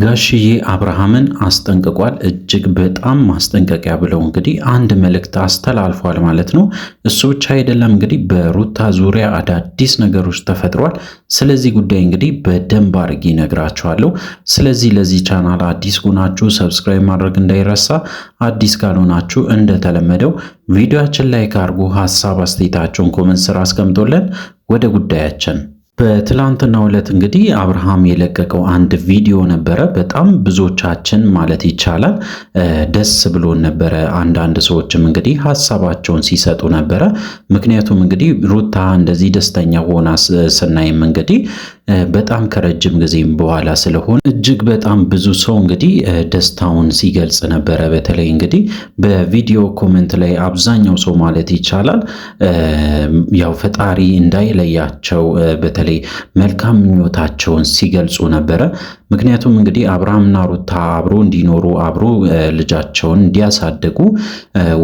ጋሽዬ አብርሃምን አስጠንቅቋል። እጅግ በጣም ማስጠንቀቂያ ብለው እንግዲህ አንድ መልእክት አስተላልፏል ማለት ነው። እሱ ብቻ አይደለም እንግዲህ በሩታ ዙሪያ አዳዲስ ነገሮች ተፈጥሯል። ስለዚህ ጉዳይ እንግዲህ በደንብ አድርጌ ነግራችኋለሁ። ስለዚህ ለዚህ ቻናል አዲስ ሆናችሁ ሰብስክራይብ ማድረግ እንዳይረሳ፣ አዲስ ካልሆናችሁ እንደተለመደው ቪዲዮችን ላይክ አድርጉ፣ ሀሳብ አስተያየታችሁን ኮመንት ስራ አስቀምጦለን ወደ ጉዳያችን በትላንትና ዕለት እንግዲህ አብርሃም የለቀቀው አንድ ቪዲዮ ነበረ። በጣም ብዙዎቻችን ማለት ይቻላል ደስ ብሎን ነበረ። አንዳንድ ሰዎችም እንግዲህ ሀሳባቸውን ሲሰጡ ነበረ። ምክንያቱም እንግዲህ ሩታ እንደዚህ ደስተኛ ሆና ስናይም እንግዲህ በጣም ከረጅም ጊዜም በኋላ ስለሆነ እጅግ በጣም ብዙ ሰው እንግዲህ ደስታውን ሲገልጽ ነበረ። በተለይ እንግዲህ በቪዲዮ ኮመንት ላይ አብዛኛው ሰው ማለት ይቻላል ያው ፈጣሪ እንዳይለያቸው በተለይ መልካም ምኞታቸውን ሲገልጹ ነበረ። ምክንያቱም እንግዲህ አብርሃምና ሩታ አብሮ እንዲኖሩ አብሮ ልጃቸውን እንዲያሳድጉ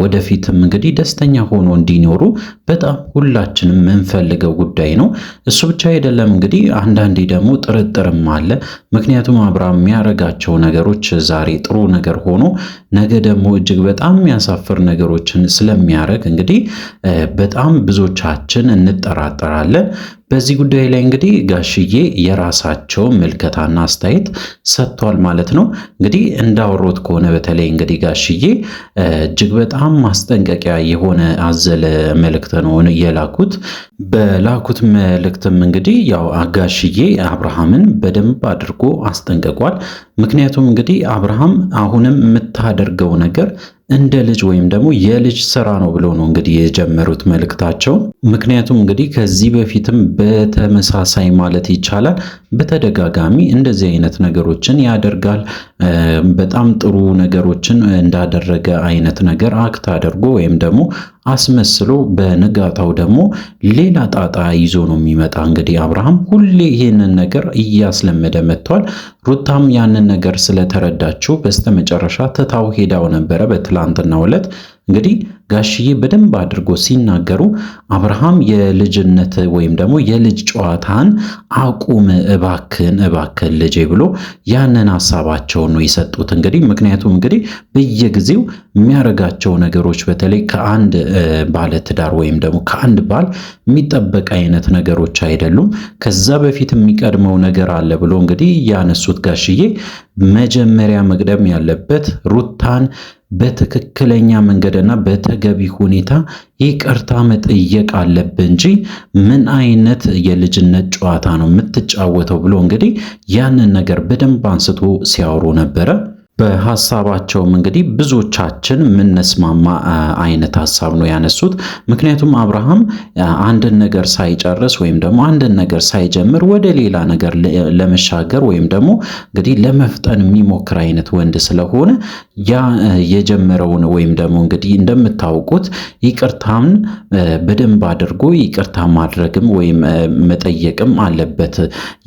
ወደፊትም እንግዲህ ደስተኛ ሆኖ እንዲኖሩ በጣም ሁላችንም የምንፈልገው ጉዳይ ነው። እሱ ብቻ አይደለም እንግዲህ አንዳንዴ ደግሞ ጥርጥርም አለ። ምክንያቱም አብርሃም የሚያደርጋቸው ነገሮች ዛሬ ጥሩ ነገር ሆኖ ነገ ደግሞ እጅግ በጣም የሚያሳፍር ነገሮችን ስለሚያደርግ እንግዲህ በጣም ብዙዎቻችን እንጠራጠራለን። በዚህ ጉዳይ ላይ እንግዲህ ጋሽዬ የራሳቸው ምልከታና አስተያየት ሰጥቷል ማለት ነው። እንግዲህ እንዳወሮት ከሆነ በተለይ እንግዲህ ጋሽዬ እጅግ በጣም ማስጠንቀቂያ የሆነ አዘለ መልእክት ነው የላኩት። በላኩት መልእክትም እንግዲህ ያው ጋሽዬ አብርሃምን በደንብ አድርጎ አስጠንቅቋል። ምክንያቱም እንግዲህ አብርሃም አሁንም የምታደርገው ነገር እንደ ልጅ ወይም ደግሞ የልጅ ስራ ነው ብለው ነው እንግዲህ የጀመሩት መልእክታቸው። ምክንያቱም እንግዲህ ከዚህ በፊትም በተመሳሳይ ማለት ይቻላል በተደጋጋሚ እንደዚህ አይነት ነገሮችን ያደርጋል። በጣም ጥሩ ነገሮችን እንዳደረገ አይነት ነገር አክት አድርጎ ወይም ደግሞ አስመስሎ በንጋታው ደግሞ ሌላ ጣጣ ይዞ ነው የሚመጣ። እንግዲህ አብርሃም ሁሌ ይህንን ነገር እያስለመደ መጥቷል። ሩታም ያንን ነገር ስለተረዳችው በስተመጨረሻ ትታው ሄዳው ነበረ በትላንትናው ዕለት እንግዲህ ጋሽዬ በደንብ አድርጎ ሲናገሩ አብርሃም የልጅነት ወይም ደግሞ የልጅ ጨዋታን አቁም እባክን እባክን ልጄ ብሎ ያንን ሀሳባቸውን ነው የሰጡት። እንግዲህ ምክንያቱም እንግዲህ በየጊዜው የሚያደርጋቸው ነገሮች በተለይ ከአንድ ባለትዳር ወይም ደግሞ ከአንድ ባል የሚጠበቅ አይነት ነገሮች አይደሉም። ከዛ በፊት የሚቀድመው ነገር አለ ብሎ እንግዲህ ያነሱት ጋሽዬ መጀመሪያ መቅደም ያለበት ሩታን በትክክለኛ መንገድና በተገቢ ሁኔታ ይቅርታ መጠየቅ አለብን እንጂ ምን አይነት የልጅነት ጨዋታ ነው የምትጫወተው ብሎ እንግዲህ ያንን ነገር በደንብ አንስቶ ሲያወሩ ነበረ። በሀሳባቸውም እንግዲህ ብዙዎቻችን የምንስማማ አይነት ሀሳብ ነው ያነሱት። ምክንያቱም አብርሃም አንድን ነገር ሳይጨርስ ወይም ደግሞ አንድን ነገር ሳይጀምር ወደ ሌላ ነገር ለመሻገር ወይም ደግሞ እንግዲህ ለመፍጠን የሚሞክር አይነት ወንድ ስለሆነ ያ የጀመረውን ወይም ደግሞ እንግዲህ እንደምታውቁት ይቅርታን በደንብ አድርጎ ይቅርታ ማድረግም ወይም መጠየቅም አለበት።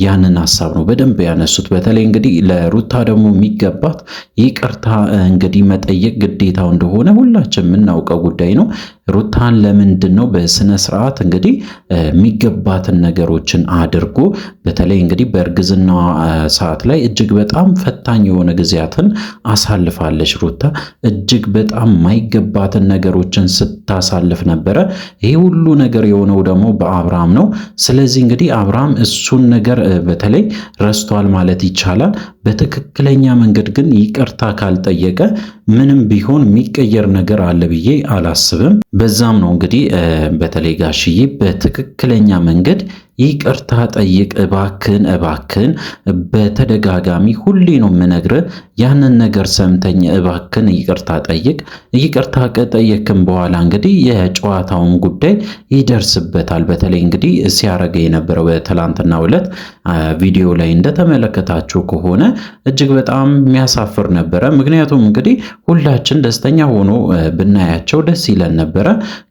ያንን ሀሳብ ነው በደንብ ያነሱት። በተለይ እንግዲህ ለሩታ ደግሞ የሚገባት ይቅርታ እንግዲህ መጠየቅ ግዴታው እንደሆነ ሁላችን የምናውቀው ጉዳይ ነው። ሩታን ለምንድን ነው በስነ ስርዓት እንግዲህ የሚገባትን ነገሮችን አድርጎ በተለይ እንግዲህ በእርግዝና ሰዓት ላይ እጅግ በጣም ፈታኝ የሆነ ጊዜያትን አሳልፋለች። ሩታ እጅግ በጣም ማይገባትን ነገሮችን ስታሳልፍ ነበረ። ይህ ሁሉ ነገር የሆነው ደግሞ በአብርሃም ነው። ስለዚህ እንግዲህ አብርሃም እሱን ነገር በተለይ ረስቷል ማለት ይቻላል። በትክክለኛ መንገድ ግን ይቅርታ ካልጠየቀ ምንም ቢሆን የሚቀየር ነገር አለ ብዬ አላስብም። በዛም ነው እንግዲህ በተለይ ጋሽዬ በትክክለኛ መንገድ ይቅርታ ጠይቅ እባክን እባክን፣ በተደጋጋሚ ሁሌ ነው የምነግር። ያንን ነገር ሰምተኝ እባክን ይቅርታ ጠይቅ። ይቅርታ ከጠየክም በኋላ እንግዲህ የጨዋታውን ጉዳይ ይደርስበታል። በተለይ እንግዲህ ሲያረገ የነበረው በትላንትናው ዕለት ቪዲዮ ላይ እንደተመለከታችሁ ከሆነ እጅግ በጣም የሚያሳፍር ነበረ። ምክንያቱም እንግዲህ ሁላችን ደስተኛ ሆኖ ብናያቸው ደስ ይለን ነበረ።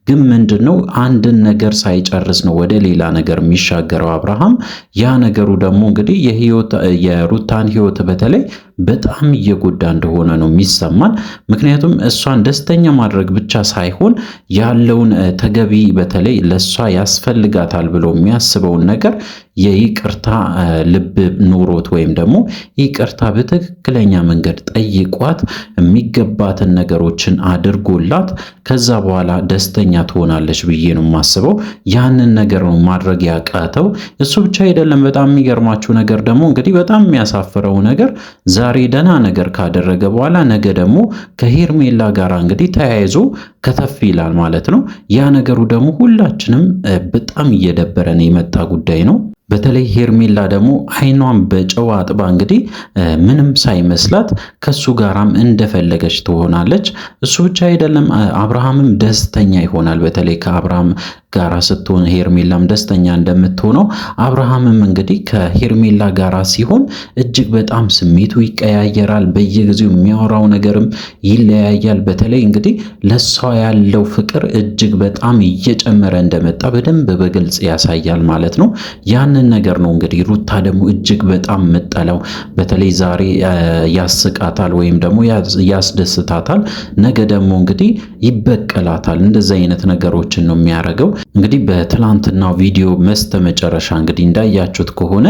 ግን ምንድን ነው አንድን ነገር ሳይጨርስ ነው ወደ ሌላ ነገር የሚሻ የተሻገረው አብርሃም ያ ነገሩ ደግሞ እንግዲህ የሩታን ህይወት በተለይ በጣም እየጎዳ እንደሆነ ነው የሚሰማን። ምክንያቱም እሷን ደስተኛ ማድረግ ብቻ ሳይሆን ያለውን ተገቢ በተለይ ለእሷ ያስፈልጋታል ብሎ የሚያስበውን ነገር የይቅርታ ልብ ኑሮት ወይም ደግሞ ይቅርታ በትክክለኛ መንገድ ጠይቋት የሚገባትን ነገሮችን አድርጎላት ከዛ በኋላ ደስተኛ ትሆናለች ብዬ ነው የማስበው። ያንን ነገር ነው ማድረግ ያቀ ያሳተው። እሱ ብቻ አይደለም። በጣም የሚገርማችሁ ነገር ደግሞ እንግዲህ በጣም የሚያሳፍረው ነገር ዛሬ ደህና ነገር ካደረገ በኋላ ነገ ደግሞ ከሄርሜላ ጋር እንግዲህ ተያይዞ ከተፍ ይላል ማለት ነው። ያ ነገሩ ደግሞ ሁላችንም በጣም እየደበረን የመጣ ጉዳይ ነው። በተለይ ሄርሜላ ደግሞ አይኗን በጨዋ አጥባ እንግዲህ ምንም ሳይመስላት ከሱ ጋራም እንደፈለገች ትሆናለች። እሱ ብቻ አይደለም፣ አብርሃምም ደስተኛ ይሆናል። በተለይ ከአብርሃም ጋራ ስትሆን ሄርሜላም ደስተኛ እንደምትሆነው አብርሃምም እንግዲህ ከሄርሜላ ጋራ ሲሆን እጅግ በጣም ስሜቱ ይቀያየራል። በየጊዜው የሚያወራው ነገርም ይለያያል። በተለይ እንግዲህ ለሷ ያለው ፍቅር እጅግ በጣም እየጨመረ እንደመጣ በደንብ በግልጽ ያሳያል ማለት ነው ያን ያንን ነገር ነው እንግዲህ ሩታ ደግሞ እጅግ በጣም ምጠለው። በተለይ ዛሬ ያስቃታል ወይም ደግሞ ያስደስታታል፣ ነገ ደግሞ እንግዲህ ይበቀላታል። እንደዚህ አይነት ነገሮችን ነው የሚያደርገው። እንግዲህ በትላንትናው ቪዲዮ መስተመጨረሻ እንግዲህ እንዳያችሁት ከሆነ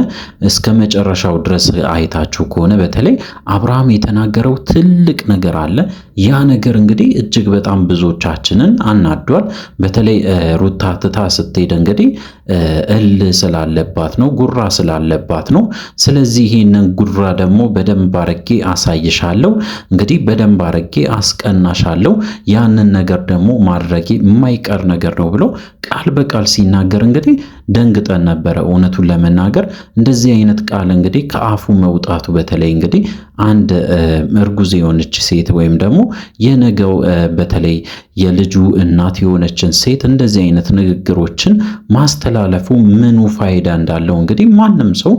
እስከ መጨረሻው ድረስ አይታችሁ ከሆነ በተለይ አብርሃም የተናገረው ትልቅ ነገር አለ። ያ ነገር እንግዲህ እጅግ በጣም ብዙዎቻችንን አናዷል። በተለይ ሩታ ትታ ስትሄድ እንግዲህ እል ስላለባት ነው፣ ጉራ ስላለባት ነው። ስለዚህ ይሄንን ጉራ ደግሞ በደንብ አርጌ አሳይሻለሁ፣ እንግዲህ በደንብ አርጌ አስቀናሻለሁ፣ ያንን ነገር ደግሞ ማድረጌ የማይቀር ነገር ነው ብሎ ቃል በቃል ሲናገር እንግዲህ ደንግጠን ነበረ። እውነቱን ለመናገር እንደዚህ አይነት ቃል እንግዲህ ከአፉ መውጣቱ በተለይ እንግዲህ አንድ እርጉዝ የሆነች ሴት ወይም ደግሞ የነገው በተለይ የልጁ እናት የሆነችን ሴት እንደዚህ አይነት ንግግሮችን ማስተላለፉ ምኑ ፋይዳ እንዳለው እንግዲህ ማንም ሰው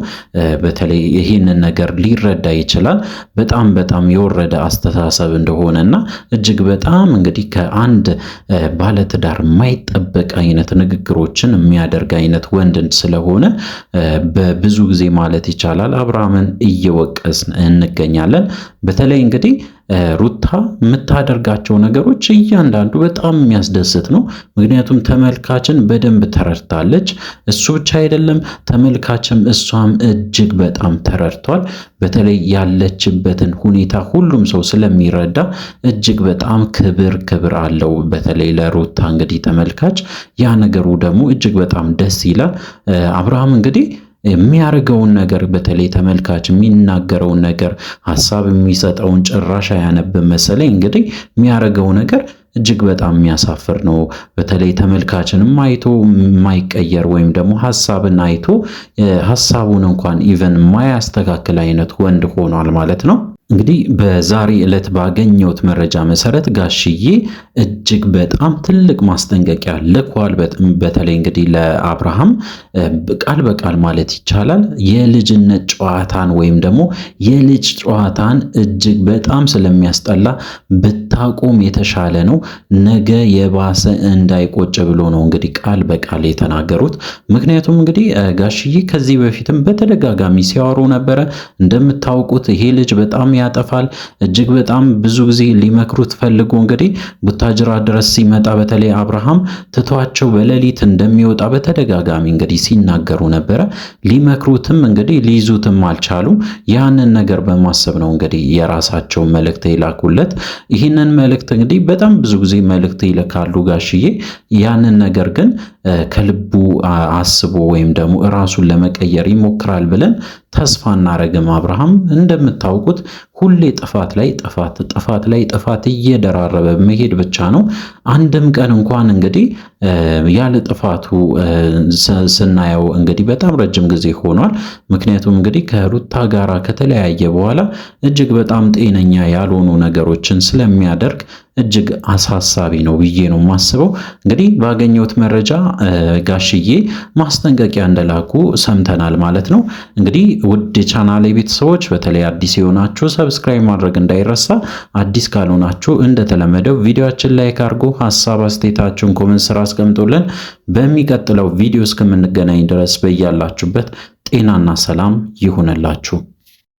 በተለይ ይህንን ነገር ሊረዳ ይችላል። በጣም በጣም የወረደ አስተሳሰብ እንደሆነ እና እጅግ በጣም እንግዲህ ከአንድ ባለትዳር የማይጠበቅ አይነት አይነት ንግግሮችን የሚያደርግ አይነት ወንድ ስለሆነ በብዙ ጊዜ ማለት ይቻላል አብርሃምን እየወቀስ እንገኛለን። በተለይ እንግዲህ ሩታ የምታደርጋቸው ነገሮች እያንዳንዱ በጣም የሚያስደስት ነው። ምክንያቱም ተመልካችን በደንብ ተረድታለች። እሱ ብቻ አይደለም ተመልካችም እሷም እጅግ በጣም ተረድቷል። በተለይ ያለችበትን ሁኔታ ሁሉም ሰው ስለሚረዳ እጅግ በጣም ክብር ክብር አለው። በተለይ ለሩታ እንግዲህ ተመልካች ያ ነገሩ ደግሞ እጅግ በጣም ደስ ይላል። አብርሃም እንግዲህ የሚያደርገውን ነገር በተለይ ተመልካች የሚናገረውን ነገር ሀሳብ የሚሰጠውን ጭራሽ አያነብም መሰለኝ። እንግዲህ የሚያደርገው ነገር እጅግ በጣም የሚያሳፍር ነው። በተለይ ተመልካችንም አይቶ የማይቀየር ወይም ደግሞ ሀሳብን አይቶ ሀሳቡን እንኳን ኢቨን የማያስተካክል አይነት ወንድ ሆኗል ማለት ነው። እንግዲህ በዛሬ ዕለት ባገኘሁት መረጃ መሰረት ጋሽዬ እጅግ በጣም ትልቅ ማስጠንቀቂያ ልኳል። በተለይ እንግዲህ ለአብርሃም ቃል በቃል ማለት ይቻላል የልጅነት ጨዋታን ወይም ደግሞ የልጅ ጨዋታን እጅግ በጣም ስለሚያስጠላ ብታቆም የተሻለ ነው፣ ነገ የባሰ እንዳይቆጭ ብሎ ነው እንግዲህ ቃል በቃል የተናገሩት። ምክንያቱም እንግዲህ ጋሽዬ ከዚህ በፊትም በተደጋጋሚ ሲያወሩ ነበረ። እንደምታውቁት ይሄ ልጅ በጣም ያጠፋል። እጅግ በጣም ብዙ ጊዜ ሊመክሩት ፈልጎ እንግዲህ ቡታጅራ ድረስ ሲመጣ በተለይ አብርሃም ትቷቸው በሌሊት እንደሚወጣ በተደጋጋሚ እንግዲህ ሲናገሩ ነበረ። ሊመክሩትም እንግዲህ ሊይዙትም አልቻሉም። ያንን ነገር በማሰብ ነው እንግዲህ የራሳቸውን መልእክት የላኩለት ይህንን ያንን መልእክት እንግዲህ በጣም ብዙ ጊዜ መልእክት ይልካሉ ጋሽዬ። ያንን ነገር ግን ከልቡ አስቦ ወይም ደግሞ ራሱን ለመቀየር ይሞክራል ብለን ተስፋ እናረግም። አብርሃም እንደምታውቁት ሁሌ ጥፋት ላይ ጥፋት ጥፋት ላይ ጥፋት እየደራረበ መሄድ ብቻ ነው። አንድም ቀን እንኳን እንግዲህ ያለ ጥፋቱ ስናየው እንግዲህ በጣም ረጅም ጊዜ ሆኗል። ምክንያቱም እንግዲህ ከሩታ ጋራ ከተለያየ በኋላ እጅግ በጣም ጤነኛ ያልሆኑ ነገሮችን ስለሚያደርግ እጅግ አሳሳቢ ነው ብዬ ነው የማስበው። እንግዲህ ባገኘሁት መረጃ ጋሽዬ ማስጠንቀቂያ እንደላኩ ሰምተናል ማለት ነው። እንግዲህ ውድ የቻናሌ ቤተሰቦች በተለይ አዲስ የሆናችሁ ሰብስክራይብ ማድረግ እንዳይረሳ፣ አዲስ ካልሆናችሁ እንደተለመደው ቪዲዮችን ላይክ አድርጎ ሀሳብ አስተያየታችሁን ኮመንት ስራ አስቀምጦልን በሚቀጥለው ቪዲዮ እስከምንገናኝ ድረስ በያላችሁበት ጤናና ሰላም ይሁንላችሁ።